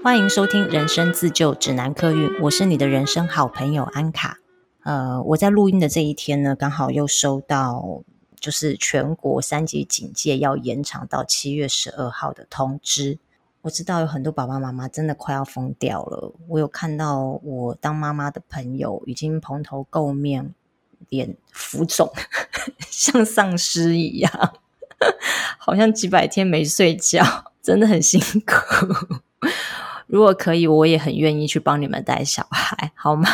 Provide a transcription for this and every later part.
歡迎收聽《人生自救指南》客運，我是你的人生好朋友安卡。呃，我在錄音的這一天呢，剛好又收到就是全國三級警戒要延長到七月十二號的通知。我知道有很多爸爸媽媽真的快要瘋掉了。我有看到我當媽媽的朋友已經蓬頭垢面、臉浮腫，像喪屍一樣，好像幾百天沒睡覺，真的很辛苦。如果可以，我也很願意去幫你們帶小孩，好嗎？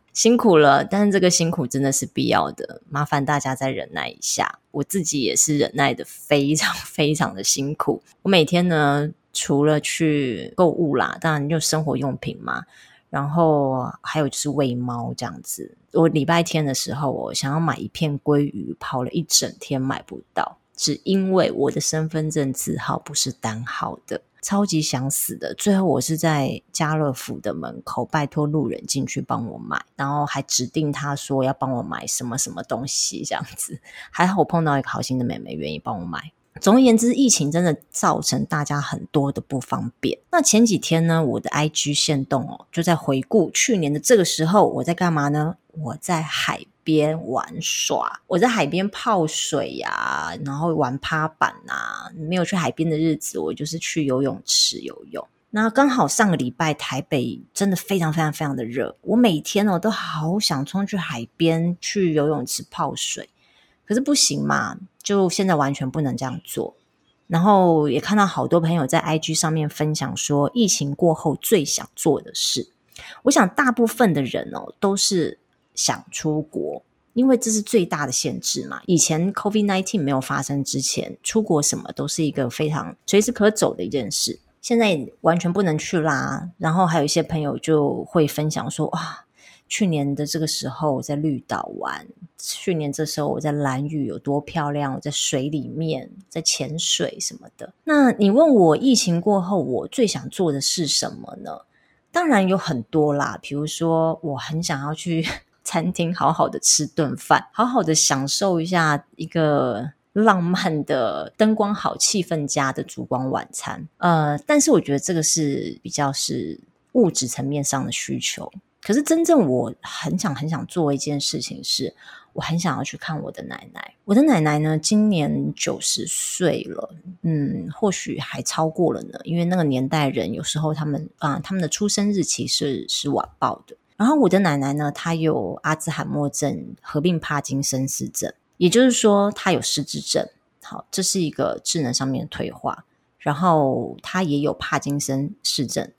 辛苦了，但是這個辛苦真的是必要的，麻煩大家再忍耐一下。我自己也是忍耐的非常非常的辛苦。我每天呢，除了去購物啦，當然就生活用品嘛，然後還有就是餵貓這樣子。我禮拜天的時候，哦，我想要買一片鮭魚，跑了一整天買不到，只因為我的身份證字號不是單號的。超級想死的，最後我是在家樂福的門口，拜託路人進去幫我買，然後還指定他說要幫我買什麼什麼東西這樣子。還好我碰到一個好心的妹妹願意幫我買。總而言之，疫情真的造成大家很多的不方便。那前幾天呢，我的 IG 限動哦，就在回顧去年的這個時候我在幹嘛呢？我在海邊玩耍，我在海邊泡水呀、啊，然後玩趴板吶、啊。沒有去海邊的日子，我就是去游泳池游泳。那剛好上個禮拜，台北真的非常非常非常的熱，我每天哦都好想衝去海邊去游泳池泡水，可是不行嘛，就現在完全不能這樣做。然後也看到好多朋友在 IG 上面分享說，疫情過後最想做的事，我想大部分的人哦都是。想出國，因為這是最大的限製嘛。以前 COVID-19 沒有發生之前，出國什麼都是一個非常隨時可走的一件事。現在完全不能去啦。然後還有一些朋友就會分享說：“哇，去年的這個時候我在綠島玩，去年這時候我在蘭嶼有多漂亮，我在水裡面在潛水什麼的。”那你問我疫情過後我最想做的是什麼呢？當然有很多啦，比如說我很想要去。餐廳好好的吃頓飯，好好的享受一下一個浪漫的燈光好氣氛佳的燭光晚餐。呃，但是我覺得這個是比較是物質層面上的需求。可是真正我很想很想做一件事情是，我很想要去看我的奶奶。我的奶奶呢，今年九十歲了，嗯，或許還超過了呢。因為那個年代人有時候他們啊、呃，他們的出生日期是是晚報的。然後我的奶奶呢，她有阿茲海默症合併帕金森氏症，也就是說她有失智症。好，這是一個智能上面的退化，然後她也有帕金森氏症。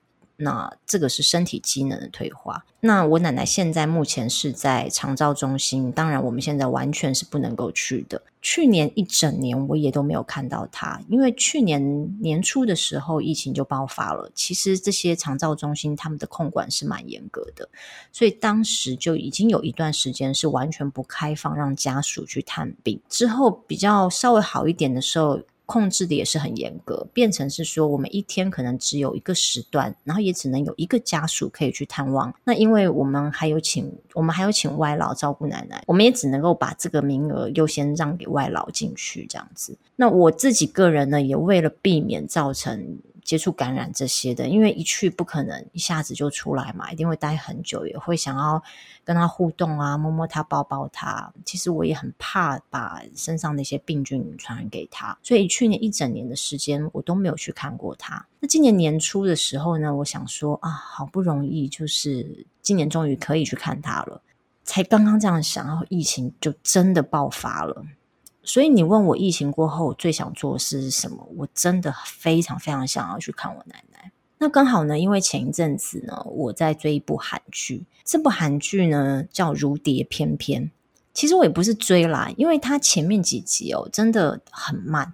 那這個是身體機能的退化。那我奶奶現在目前是在長照中心，當然我們現在完全是不能夠去的。去年一整年我也都沒有看到她，因為去年年初的時候疫情就爆發了。其實這些長照中心他們的控管是蠻嚴格的，所以當時就已經有一段時間是完全不開放讓家屬去探病。之後比較稍微好一點的時候。控制的也是很嚴格，變成是說我們一天可能只有一個時段，然後也只能有一個家屬可以去探望。那因為我們還有請，我們還有請外勞照顧奶奶，我們也只能夠把這個名額優先讓給外勞進去這樣子。那我自己個人呢，也為了避免造成。接觸感染這些的，因為一去不可能一下子就出來嘛，一定會待很久，也會想要跟他互動啊，摸摸他，抱抱他。其實我也很怕把身上那些病菌傳染給他，所以去年一整年的時間我都沒有去看過他。那今年年初的時候呢，我想說啊，好不容易就是今年終於可以去看他了，才剛剛這樣想，然後疫情就真的爆發了。所以你問我疫情過後我最想做的事是什麼？我真的非常非常想要去看我奶奶。那剛好呢，因為前一陣子呢，我在追一部韓劇，這部韓劇呢叫《如蝶翩翩》。其實我也不是追啦，因為它前面幾集哦，真的很慢。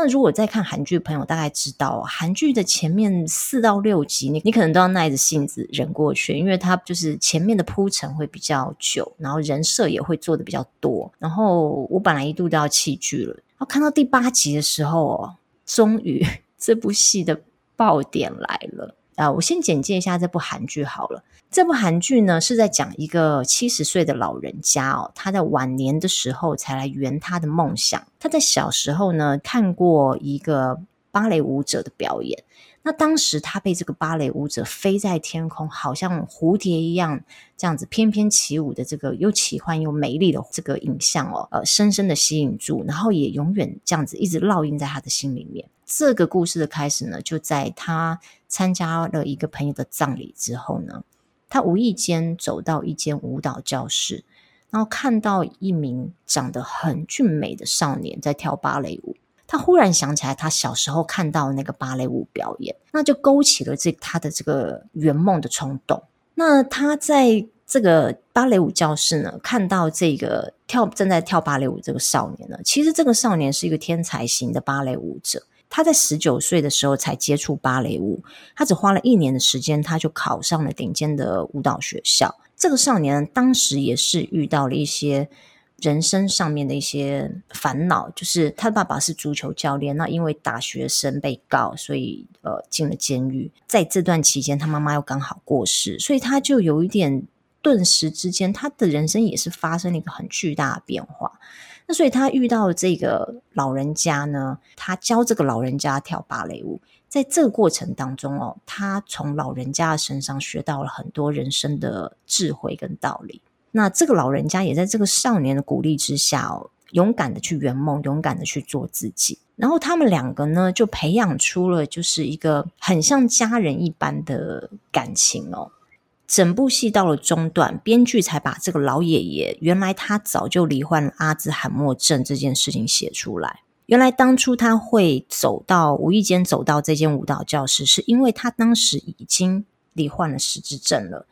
那如果在看韓劇的朋友，大概知道哦，韓劇的前面四到六集，你你可能都要耐着性子忍過去，因為他就是前面的鋪陳會比較久，然後人設也會做的比較多。然後我本來一度都要棄劇了，然後，啊，看到第八集的時候，哦，終於這部戲的爆點來了。呃，我先簡介一下這部韓劇好了。這部韓劇呢，是在講一個七十歲的老人家哦，他在晚年的時候才來圓他的夢想。他在小時候呢，看過一個芭蕾舞者的表演。那當時他被這個芭蕾舞者飛在天空，好像蝴蝶一樣這樣子翩翩起舞的這個又奇幻又美麗的這個影像哦，呃，深深的吸引住，然後也永遠這樣子一直烙印在他的心裡面。這個故事的開始呢，就在他參加了一個朋友的葬禮之後呢，他無意間走到一間舞蹈教室，然後看到一名長得很俊美的少年在跳芭蕾舞。他忽然想起來，他小時候看到那個芭蕾舞表演，那就勾起了這他的這個圓夢的衝動。那他在這個芭蕾舞教室呢，看到這個跳正在跳芭蕾舞這個少年呢，其實這個少年是一個天才型的芭蕾舞者。他在十九歲的時候才接觸芭蕾舞，他只花了一年的時間，他就考上了頂尖的舞蹈學校。這個少年當時也是遇到了一些人生上面的一些煩惱，就是他爸爸是足球教練，那因為打學生被告，所以呃進了監獄。在這段期間，他媽媽又剛好過世，所以他就有一點頓時之間，他的人生也是發生了一個很巨大的變化。那所以，他遇到了這個老人家呢，他教這個老人家跳芭蕾舞，在這個過程當中哦，他從老人家的身上學到了很多人生的智慧跟道理。那這個老人家也在這個少年的鼓勵之下，哦，勇敢的去圓夢，勇敢的去做自己。然後他們兩個呢，就培養出了就是一個很像家人一般的感情哦。整部戲到了中段，編劇才把這個老爺爺原來他早就罹患了阿茲海默症這件事情寫出來。原來當初他會走到，無意間走到這間舞蹈教室，是因為他當時已經罹患了失智症了。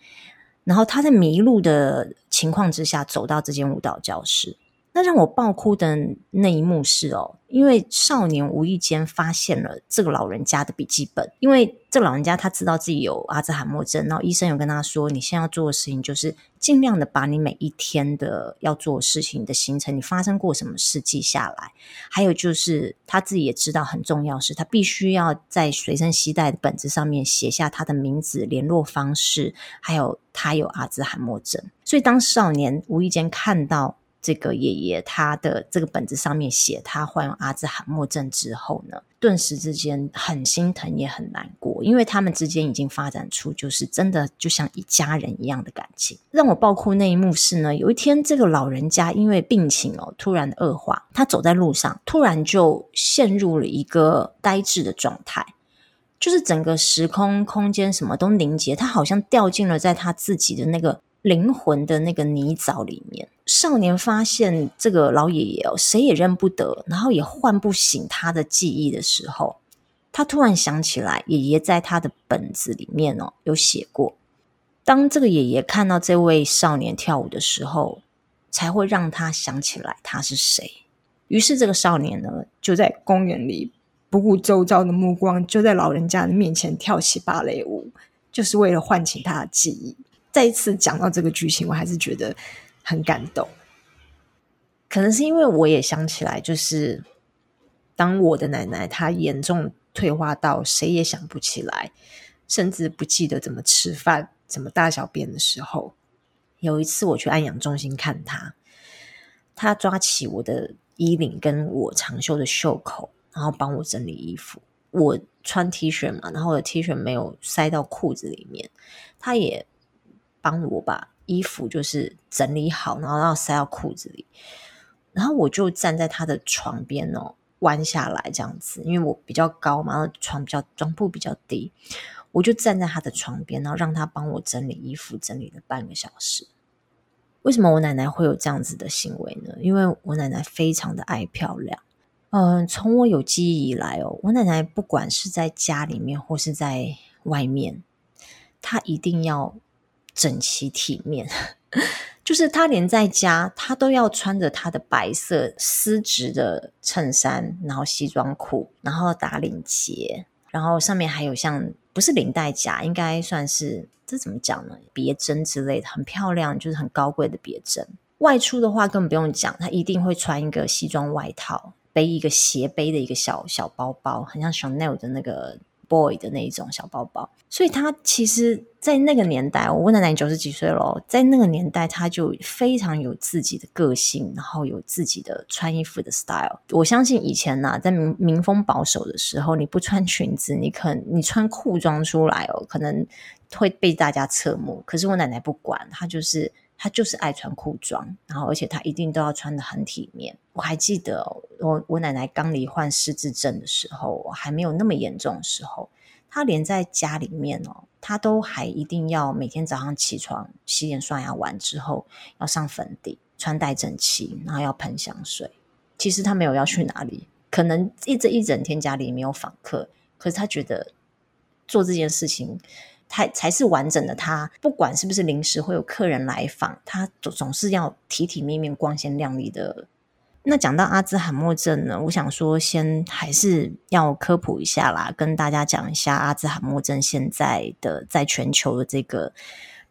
然後他在迷路的情況之下走到這間舞蹈教室，那讓我爆哭的那一幕是哦。因為少年無意間發現了這個老人家的筆記本，因為這個老人家他知道自己有阿茲海默症，然後醫生有跟他說，你現在要做的事情就是盡量的把你每一天的要做的事情的行程，你發生過什麼事記下來，還有就是他自己也知道很重要是，他必須要在隨身攜帶的本子上面寫下他的名字、聯絡方式，還有他有阿茲海默症，所以當少年無意間看到。這個爺爺他的這個本子上面寫，他患有阿茲海默症之後呢，頓時之間很心疼也很難過，因為他們之間已經發展出就是真的就像一家人一樣的感情。讓我爆哭那一幕是呢，有一天這個老人家因為病情哦突然惡化，他走在路上突然就陷入了一個呆滯的狀態，就是整個時空空間什麼都凝結，他好像掉進了在他自己的那個。靈魂的那個泥沼裡面，少年發現這個老爺爺哦，誰也認不得，然後也喚不醒他的記憶的時候，他突然想起來，爺爺在他的本子裡面哦，有寫過，當這個爺爺看到這位少年跳舞的時候，才會讓他想起來他是誰。於是這個少年呢，就在公園裡，不顧周遭的目光，就在老人家的面前跳起芭蕾舞，就是為了喚醒他的記憶。再一次講到這個劇情，我還是覺得很感動。可能是因為我也想起來，就是當我的奶奶她嚴重退化到誰也想不起來，甚至不記得怎麼吃飯、怎麼大小便的時候，有一次我去安養中心看她，她抓起我的衣領跟我長袖的袖口，然後幫我整理衣服。我穿 T 恤嘛，然後我的 T 恤沒有塞到褲子裡面，她也。幫我把衣服就是整理好，然後，然後塞到褲子裡，然後我就站在她的床邊哦，彎下來這樣子，因為我比較高嘛，然後床比較床鋪比較低，我就站在她的床邊，然後讓她幫我整理衣服，整理了半個小時。為什麼我奶奶會有這樣子的行為呢？因為我奶奶非常的愛漂亮。嗯、呃，從我有記憶以來哦，我奶奶不管是在家裡面或是在外面，她一定要。整齊體面， 就是他連在家他都要穿着他的白色絲質的襯衫，然後西裝褲，然後打領結，然後上面還有像不是領帶夾，應該算是這怎麼講呢？別針之類的，很漂亮，就是很高貴的別針。外出的話根本不用講，他一定會穿一個西裝外套，背一個斜背的一個小小包包，很像 Chanel 的那個。boy 的那一種小包包，所以他其實在那個年代，我奶奶九十幾歲了，在那個年代，他就非常有自己的個性，然後有自己的穿衣服的 style。我相信以前啊，在民風保守的時候，你不穿裙子，你可能，你穿褲裝出來哦，可能會被大家側目。可是我奶奶不管，她就是。他就是愛穿褲裝，然後而且他一定都要穿得很體面。我還記得、哦我，我奶奶剛罹患失智症的時候，我還沒有那麼嚴重的時候，她連在家裡面他、哦、她都還一定要每天早上起床洗臉刷牙完之後要上粉底，穿戴整齊，然後要噴香水。其實她沒有要去哪裡，可能一整一整天家裡沒有訪客，可是她覺得做這件事情，他才，才是完整的他，不管是不是臨時會有客人來訪，他總總是要體體面面、光鮮亮麗的。那講到阿茲海默症呢，我想說先還是要科普一下啦，跟大家講一下阿茲海默症現在的在全球的這個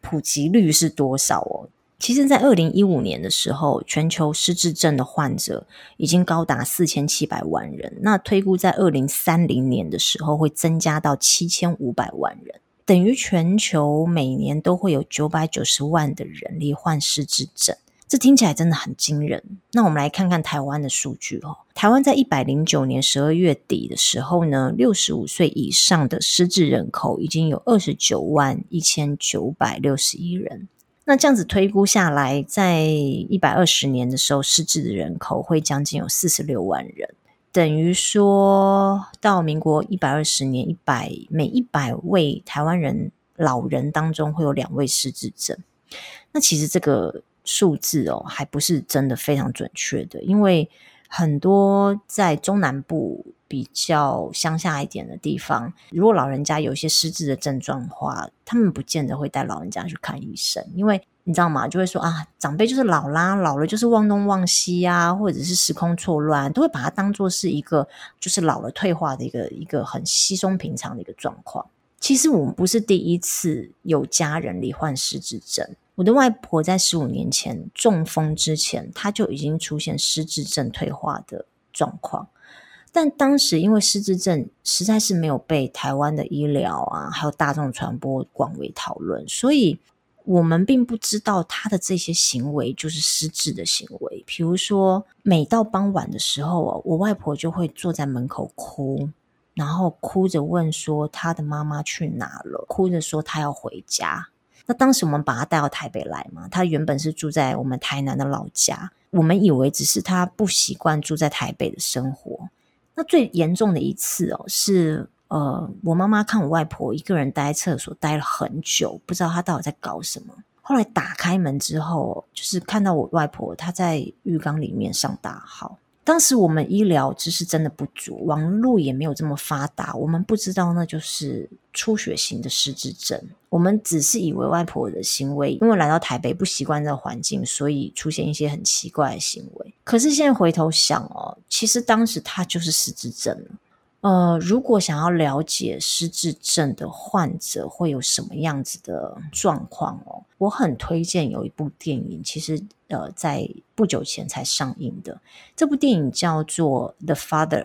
普及率是多少哦。其實，在二零一五年的時候，全球失智症的患者已經高達四千七百萬人，那推估在二零三零年的時候會增加到七千五百萬人。等於全球每年都會有九百九十萬的人罹患失智症，這聽起來真的很驚人。那我們來看看台灣的數據哦。台灣在一百零九年十二月底的時候呢，六十五歲以上的失智人口已經有二十九萬一千九百六十一人。那這樣子推估下來，在一百二十年的時候，失智的人口會將近有四十六萬人。等於說，到民國一百二十年，一百，每一百位台灣人、老人當中會有兩位失智者，那其實這個數字哦，還不是真的非常準確的，因為。很多在中南部比較鄉下一點的地方，如果老人家有一些失智的症狀的話，他們不見得會帶老人家去看醫生，因為你知道嗎？就會說啊，長輩就是老啦，老了就是忘東忘西啊，或者是時空錯亂，都會把它當做是一個就是老了退化的一個一個很稀鬆平常的一個狀況。其實我們不是第一次有家人罹患失智症。我的外婆在十五年前中風之前，她就已經出現失智症退化的狀況，但當時因為失智症實在是沒有被台灣的醫療啊，還有大眾傳播廣為討論，所以我們並不知道她的這些行為就是失智的行為。比如說，每到傍晚的時候啊，我外婆就會坐在門口哭，然後哭着問說她的媽媽去哪了，哭着說她要回家。那當時我們把他帶到台北來嘛，他原本是住在我們台南的老家，我們以為只是他不習慣住在台北的生活。那最嚴重的一次哦，是呃，我媽媽看我外婆一個人待在廁所待了很久，不知道她到底在搞什麼。後來打開門之後，就是看到我外婆她在浴缸裡面上大號。當時我們醫療知識真的不足，網絡也沒有這麼發達，我們不知道那就是出血型的失智症，我們只是以為外婆的行為，因為來到台北不習慣這個環境，所以出現一些很奇怪的行為。可是現在回頭想哦，其實當時她就是失智症。呃，如果想要了解失智症的患者會有什麼樣子的狀況哦，我很推薦有一部電影，其實呃在不久前才上映的，這部電影叫做《The Father》，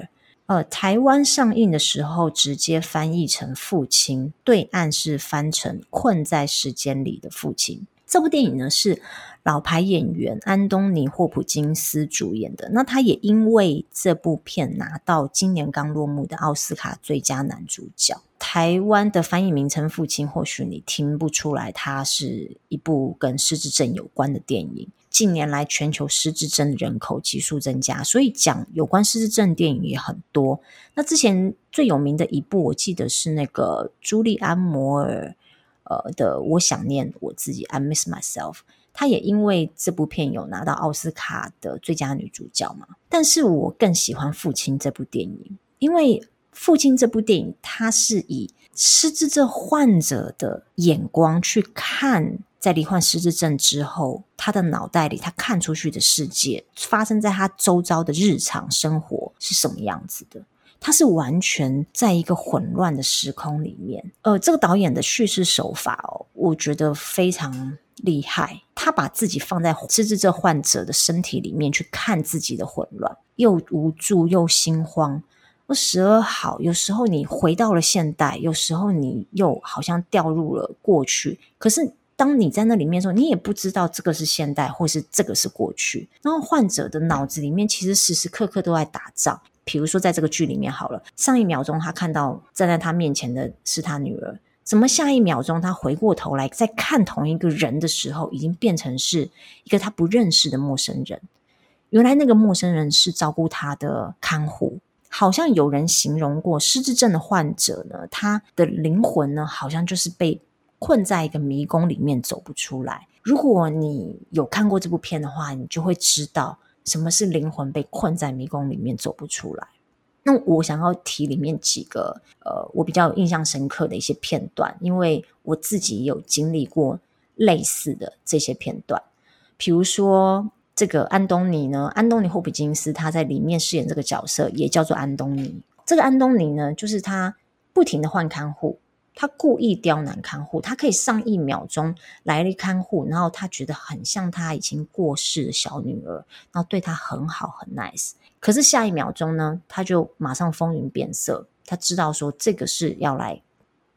呃，台灣上映的時候直接翻譯成《父親》，對岸是翻成《困在時間裡的父親》。這部電影呢是老牌演員安東尼霍普金斯主演的，那他也因為這部片拿到今年剛落幕的奧斯卡最佳男主角。台灣的翻譯名稱《父親》，或許你聽不出來，它是一部跟失智症有關的電影。近年來，全球失智症的人口急速增加，所以講有關失智症電影也很多。那之前最有名的一部，我記得是那個朱利安摩爾。呃的，我想念我自己，I miss myself。她也因為這部片有拿到奧斯卡的最佳女主角嘛。但是我更喜歡《父親》這部電影，因為《父親》這部電影，他是以失智症患者的眼光去看，在罹患失智症之後，他的腦袋裡他看出去的世界，發生在他周遭的日常生活是什麼樣子的。他是完全在一個混亂的時空裡面，呃，這個導演的敘事手法哦，我覺得非常厲害。他把自己放在失智症患者的身體裡面去看自己的混亂，又無助又心慌。而十二好，有時候你回到了現代，有時候你又好像掉入了過去。可是。當你在那裡面的時候，你也不知道這個是現代或是這個是過去。然後患者的腦子裡面其實時時刻刻都在打仗。比如說在這個劇裡面好了，上一秒鐘他看到站在他面前的是他女兒，怎麼下一秒鐘他回過頭來再看同一個人的時候，已經變成是一個他不認識的陌生人。原來那個陌生人是照顧他的看護。好像有人形容過，失智症的患者呢，他的靈魂呢，好像就是被。困在一個迷宮裡面走不出來。如果你有看過這部片的話，你就會知道什麼是靈魂被困在迷宮裡面走不出來。那我想要提裡面幾個呃，我比較印象深刻的一些片段，因為我自己有經歷過類似的這些片段。比如說，這個安東尼呢，安東尼霍普金斯他在裡面飾演這個角色，也叫做安東尼。這個安東尼呢，就是他不停地換看護。他故意刁難看護，他可以上一秒鐘來了看護，然後他覺得很像他已經過世的小女兒，然後對他很好，很 nice。可是下一秒鐘呢，他就馬上風雲變色。他知道說這個是要來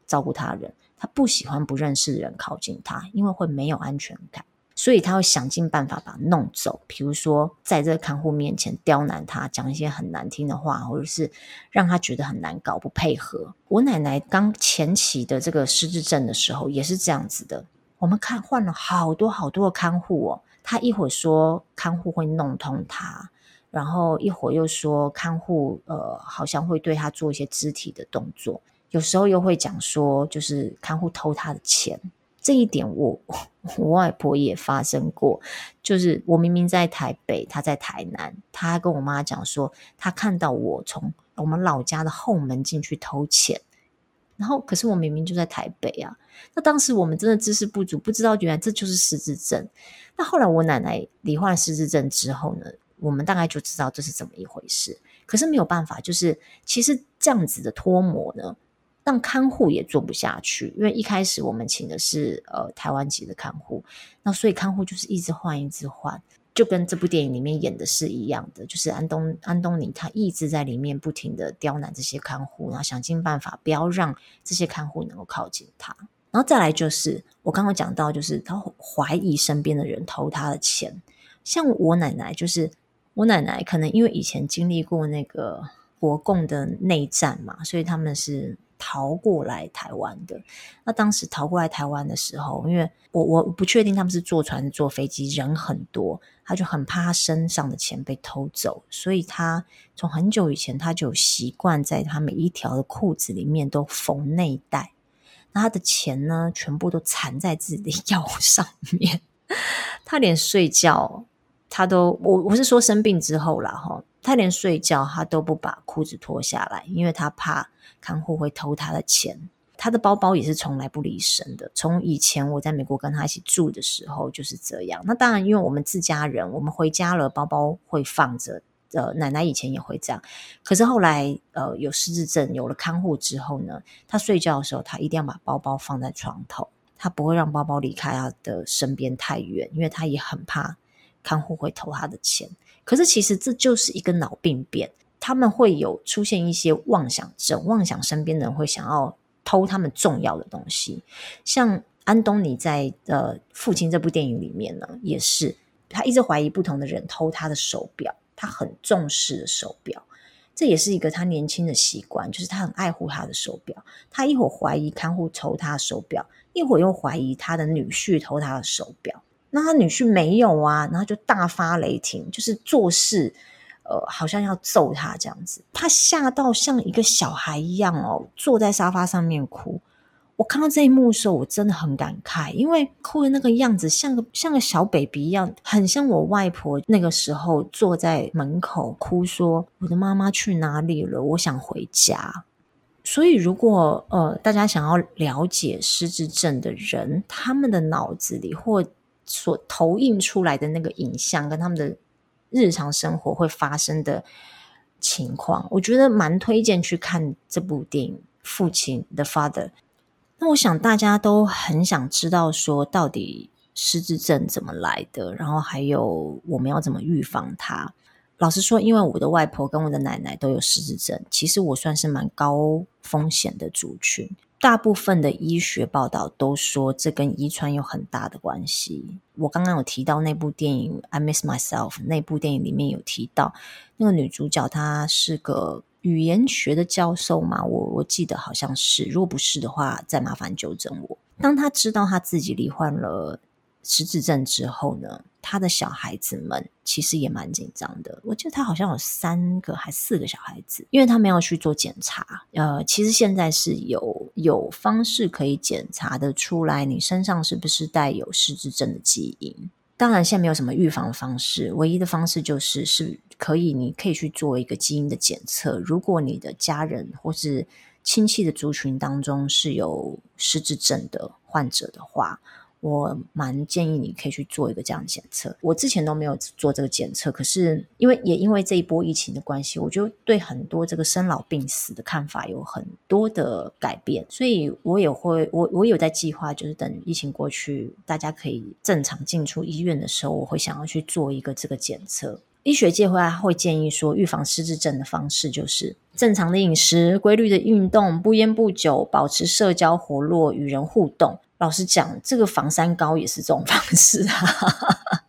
照顧他的人，他不喜歡不認識的人靠近他，因為會沒有安全感。所以他會想盡辦法把他弄走，比如說在這個看護面前刁難他，講一些很難聽的話，或者是讓他覺得很難搞，不配合。我奶奶剛前期的這個失智症的時候也是這樣子的。我們看換了好多好多的看護哦，他一會說看護會弄痛他，然後一會又說看護呃好像會對他做一些肢體的動作，有時候又會講說就是看護偷他的錢。這一點我我外婆也發生過，就是我明明在台北，她在台南，她跟我媽講說她看到我從我們老家的後門進去偷錢，然後可是我明明就在台北啊，那當時我們真的知識不足，不知道原來這就是失智症。那後來我奶奶罹患失智症之後呢，我們大概就知道這是怎麼一回事。可是沒有辦法，就是其實這樣子的脫模呢。但看護也做不下去，因為一開始我們請的是呃台灣籍的看護，那所以看護就是一直換，一直換，就跟這部電影裡面演的是一樣的，就是安東安東尼他一直在裡面不停地刁難這些看護，然後想盡辦法不要讓這些看護能夠靠近他，然後再來就是我剛剛有講到，就是他懷疑身邊的人偷他的錢，像我奶奶，就是我奶奶可能因為以前經歷過那個國共的內戰嘛，所以他們是。逃過來台灣的，那當時逃過來台灣的時候，因為我我不確定他們是坐船、坐飛機，人很多，他就很怕他身上的錢被偷走，所以他從很久以前他就習慣在他每一條的褲子裡面都縫內袋，那他的錢呢，全部都纏在自己的腰上面，他連睡覺他都，我我是說生病之後啦。哈。他連睡覺他都不把褲子脫下來，因為他怕看護會偷他的錢。他的包包也是從來不離身的。從以前我在美國跟他一起住的時候就是這樣。那當然，因為我們自家人，我們回家了，包包會放着。呃，奶奶以前也會這樣，可是後來，呃，有失智症，有了看護之後呢，他睡覺的時候他一定要把包包放在床頭，他不會讓包包離開他的身邊太遠，因為他也很怕看護會偷他的錢。可是其實這就是一個腦病變，他們會有出現一些妄想症，妄想身邊的人會想要偷他們重要的東西。像安東尼在《呃父親》這部電影裡面呢，也是他一直懷疑不同的人偷他的手表，他很重視的手表，這也是一個他年輕的習慣，就是他很愛護他的手表。他一會兒懷疑看護偷他的手表，一會兒又懷疑他的女婿偷他的手表。那他女婿沒有啊，然後就大發雷霆，就是做事，呃，好像要揍他這樣子，他嚇到像一個小孩一樣哦，坐在沙發上面哭。我看到這一幕的時候，我真的很感慨，因為哭的那個樣子像個像個小 baby 一樣，很像我外婆那個時候坐在門口哭說：“我的媽媽去哪裡了？我想回家。”所以，如果呃大家想要了解失智症的人，他們的腦子裡或所投映出來的那個影像，跟他們的日常生活會發生的情況，我覺得蠻推薦去看這部電影《父親》The Father》。那我想大家都很想知道，說到底失智症怎麼來的，然後還有我們要怎麼預防它。老實說，因為我的外婆跟我的奶奶都有失智症，其實我算是蠻高風險的族群。大部分的醫學報道都說這跟遺傳有很大的關係。我剛剛有提到那部電影《I Miss Myself》，那部電影裡面有提到那個女主角，她是個語言學的教授嘛？我我記得好像是，如果不是的話，再麻煩糾正我。當她知道她自己罹患了失智症之後呢，他的小孩子們其實也蠻緊張的。我覺得他好像有三個還是四個小孩子，因為他沒有去做檢查。呃，其實現在是有有方式可以檢查得出來，你身上是不是帶有失智症的基因？當然，現在沒有什麼預防方式，唯一的方式就是是可以，你可以去做一個基因的檢測。如果你的家人或是親戚的族群當中是有失智症的患者的話。我蠻建議你可以去做一個這樣的檢測。我之前都沒有做這個檢測，可是因為也因為這一波疫情的關係，我就對很多這個生老病死的看法有很多的改變，所以我也會我我有在計劃，就是等疫情過去，大家可以正常進出醫院的時候，我會想要去做一個這個檢測。醫學界會還會建議說，預防失智症的方式就是正常的飲食、規律的運動、不菸不酒、保持社交活絡、與人互動。老實講，這個防三高也是這種方式啊。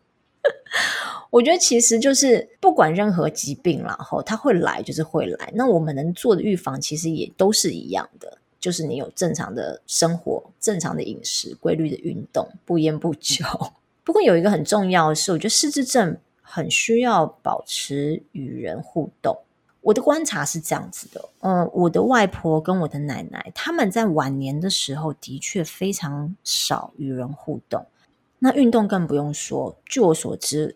我覺得其實就是不管任何疾病，然後它會來就是會來。那我們能做的預防，其實也都是一樣的，就是你有正常的生活、正常的飲食、規律的運動、不菸不酒。 不過有一個很重要的是，我覺得失智症很需要保持與人互動。我的觀察是這樣子的，嗯，我的外婆跟我的奶奶，他們在晚年的時候的確非常少與人互動。那運動更不用說，據我所知，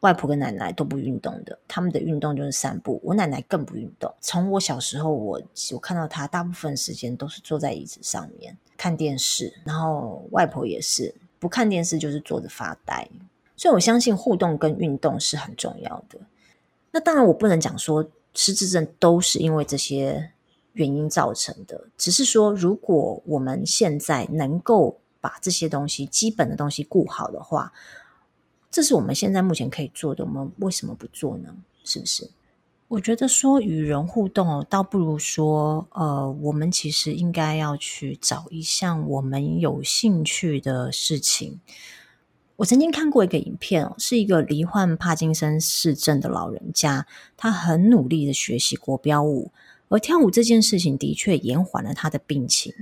外婆跟奶奶都不運動的，他們的運動就是散步。我奶奶更不運動，從我小時候我，我我看到她大部分時間都是坐在椅子上面看電視，然後外婆也是不看電視，就是坐着發呆。所以，我相信互動跟運動是很重要的。那當然，我不能講說，失智症都是因為這些原因造成的。只是說如果我們現在能夠把這些東西基本的東西顧好的話，這是我們現在目前可以做的，我們為什麼不做呢？是不是？ 我覺得說與人互動倒不如說，呃，我們其實應該要去找一項我們有興趣的事情。我曾經看過一個影片哦，是一個罹患帕金森氏症的老人家，他很努力的學習國標舞，而跳舞這件事情的確延緩了他的病情。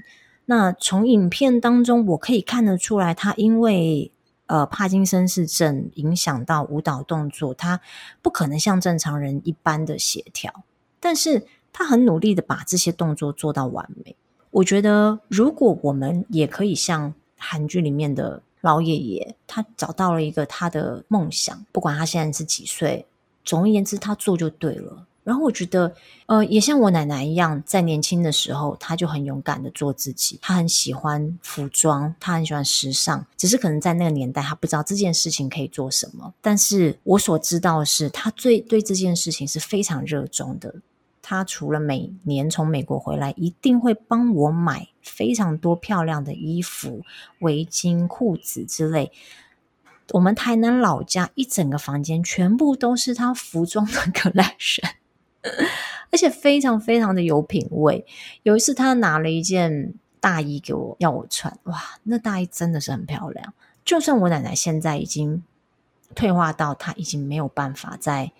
那從影片當中我可以看得出來，他因為，呃，帕金森氏症影響到舞蹈動作，他不可能像正常人一般的協調，但是他很努力的把這些動作做到完美。我覺得如果我們也可以像韓劇裡面的。老爺爺他找到了一個他的夢想，不管他現在是幾歲，總而言之他做就對了。然後我覺得，呃，也像我奶奶一樣，在年輕的時候，她就很勇敢的做自己。她很喜歡服裝，她很喜歡時尚，只是可能在那個年代，她不知道這件事情可以做什麼。但是我所知道的是，她最對，對這件事情是非常熱衷的。他除了每年從美國回來，一定會幫我買非常多漂亮的衣服、圍巾、褲子之類。我們台南老家一整個房間全部都是他服裝的 collection， 而且非常非常的有品味。有一次，他拿了一件大衣給我，要我穿。哇，那大衣真的是很漂亮。就算我奶奶現在已經退化到她已經沒有辦法再，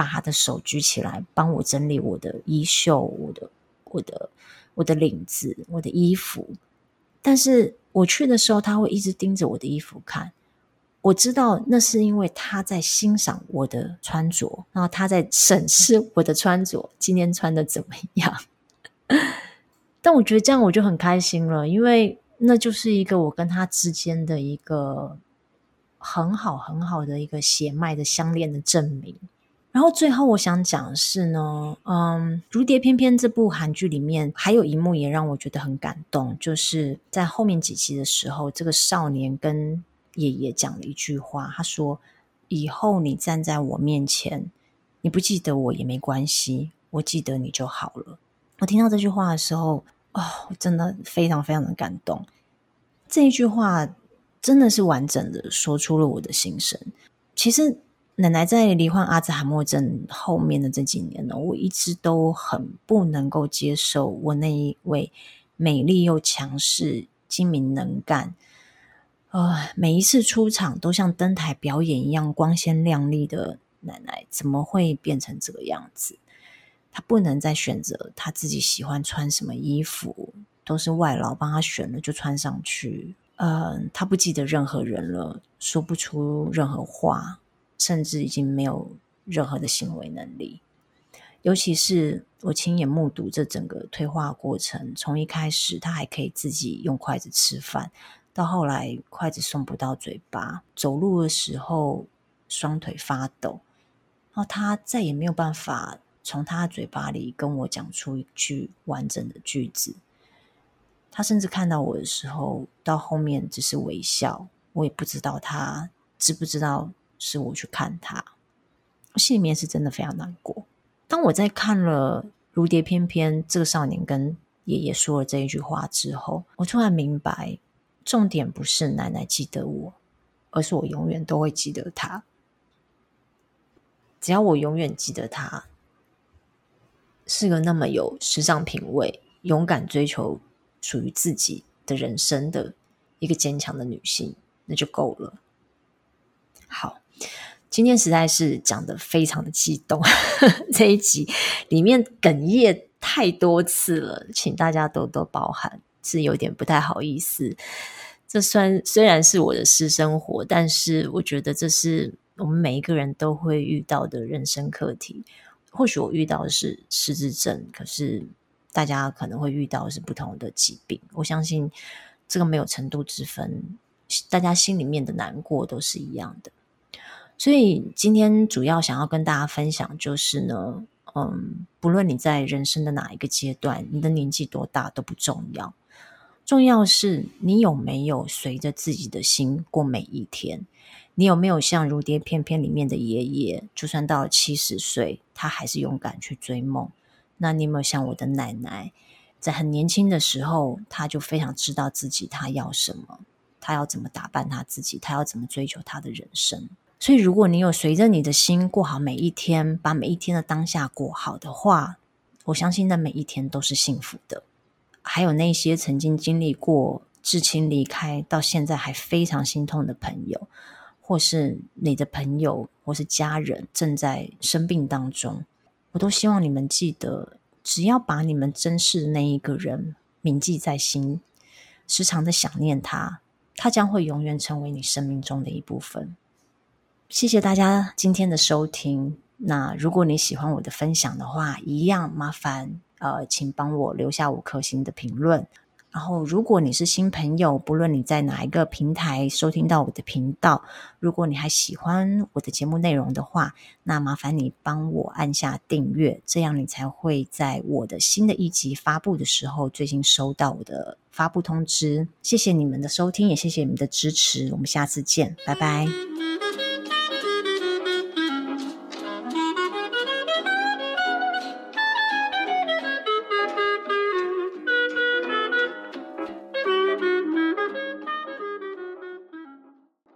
把他的手舉起來，幫我整理我的衣袖、我的、我的、我的領子、我的衣服。但是我去的時候，他會一直盯着我的衣服看。我知道那是因為他在欣賞我的穿着，然後他在審視我的穿着，今天穿得怎麼樣。 但我覺得這樣我就很開心了，因為那就是一個我跟他之間的一個很好很好的一個血脈的相連的證明。然後最後我想講的是呢，嗯，《如蝶翩翩》這部韓劇裡面還有一幕也讓我覺得很感動，就是在後面幾集的時候，這個少年跟爺爺講了一句話，他說：“以後你站在我面前，你不記得我也沒關係，我記得你就好了。”我聽到這句話的時候，哦，我真的非常非常的感動，這一句話真的是完整的說出了我的心聲。其實，奶奶在罹患阿茲海默症後面的這幾年呢，我一直都很不能夠接受。我那一位美麗又強勢、精明能幹，呃，每一次出場都像登台表演一樣光鮮亮麗的奶奶，怎麼會變成這個樣子？她不能再選擇她自己喜歡穿什麼衣服，都是外勞幫她選的就穿上去。嗯、呃，她不記得任何人了，說不出任何話。甚至已經沒有任何的行為能力，尤其是我親眼目睹這整個退化過程。從一開始，他還可以自己用筷子吃飯，到後來筷子送不到嘴巴，走路的時候雙腿發抖，然後他再也沒有辦法從他嘴巴裡跟我講出一句完整的句子。他甚至看到我的時候，到後面只是微笑，我也不知道他知不知道。是我去看他，我心裡面是真的非常難過。當我在看了《如蝶翩翩》這個少年跟爺爺說了這一句話之後，我突然明白，重點不是奶奶記得我，而是我永遠都會記得她。只要我永遠記得她是個那麼有時尚品味、勇敢追求屬於自己的人生的一個堅強的女性，那就夠了。好。今天實在是講得非常的激動呵呵，這一集裡面哽咽太多次了，請大家多多包涵，是有點不太好意思。這算雖然是我的私生活，但是我覺得這是我們每一個人都會遇到的人生課題。或許我遇到的是失智症，可是大家可能會遇到的是不同的疾病。我相信這個沒有程度之分，大家心裡面的難過都是一樣的。所以今天主要想要跟大家分享，就是呢，嗯，不論你在人生的哪一個階段，你的年紀多大都不重要，重要是你有沒有隨着自己的心過每一天。你有沒有像《如蝶翩翩》裡面的爺爺，就算到了七十歲，他還是勇敢去追夢？那你有沒有像我的奶奶，在很年輕的時候，她就非常知道自己她要什麼？他要怎麼打扮他自己？他要怎麼追求他的人生？所以，如果你有隨着你的心過好每一天，把每一天的當下過好的話，我相信那每一天都是幸福的。還有那些曾經經歷過至親離開，到現在還非常心痛的朋友，或是你的朋友或是家人正在生病當中，我都希望你們記得，只要把你們珍視的那一個人銘記在心，時常的想念他。他將會永遠成為你生命中的一部分。謝謝大家今天的收聽。那如果你喜歡我的分享的話，一樣麻煩呃，請幫我留下五顆星的評論。然後，如果你是新朋友，不論你在哪一個平台收聽到我的頻道，如果你還喜歡我的節目內容的話，那麻煩你幫我按下訂閱，這樣你才會在我的新的一集發布的時候，最新收到我的。發布通知，謝謝你們的收聽，也謝謝你們的支持，我們下次見，拜拜。